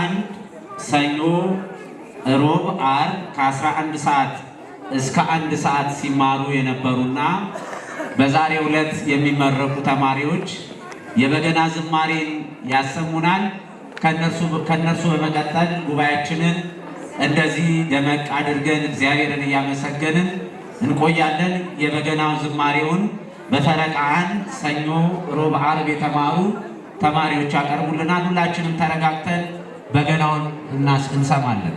አንድ ሰኞ፣ ሮብ፣ ዓርብ ከ11 ሰዓት እስከ አንድ ሰዓት ሲማሩ የነበሩና በዛሬ ዕለት የሚመረቁ ተማሪዎች የበገና ዝማሬን ያሰሙናል። ከእነርሱ በመቀጠል ጉባኤያችንን እንደዚህ ደመቅ አድርገን እግዚአብሔርን እያመሰገንን እንቆያለን። የበገናው ዝማሬውን በፈረቃ ሰኞ፣ ሮብ፣ ዓርብ የተማሩ ተማሪዎች ያቀርቡልናል። ሁላችንም ተረጋግተን በገናውን እንሰማለን።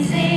easy.